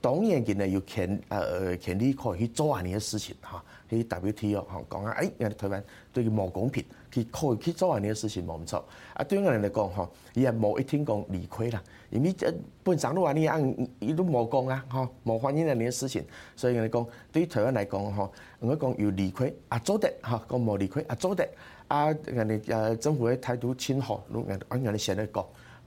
當然有權呃呃權利可以去做下呢啲事情嚇，去 WTO 嚇講啊，誒，人哋台灣對佢冇公平，去可以去做下呢啲事情冇錯啊，對人來講嚇，而係冇一天講離開啦，因為誒本身就係咁樣，佢都冇講啊嚇，冇反映呢啲事情，所以人哋講對於台灣嚟講嚇，我講要離開啊做得嚇，講冇離開啊做得，啊人哋誒政府嘅態度親和，安人哋先嚟講。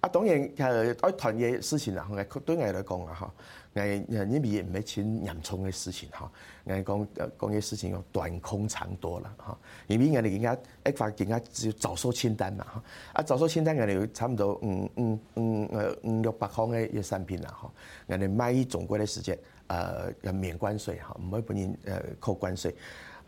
啊，當然係團、啊、團嘢事情啦，對我嚟講，啊，嚇，我呢邊唔係錢入帳嘅事情嚇，我講講嘅事情用短空長多了嚇，而、啊、邊我哋而家一發而家早收清單啦嚇，啊，啊早收清單我哋差唔多五五五誒五六百方嘅產品啦嚇、啊，我哋買於中國嘅時間誒、呃、免關稅嚇，唔會本人誒扣關稅。啊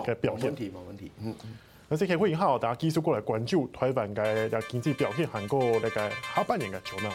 嘅表現，冇問題，冇問題，嗯嗯，嗱、嗯，先期會引號大家繼續過來關注台灣嘅經濟表現、韓國下半年情況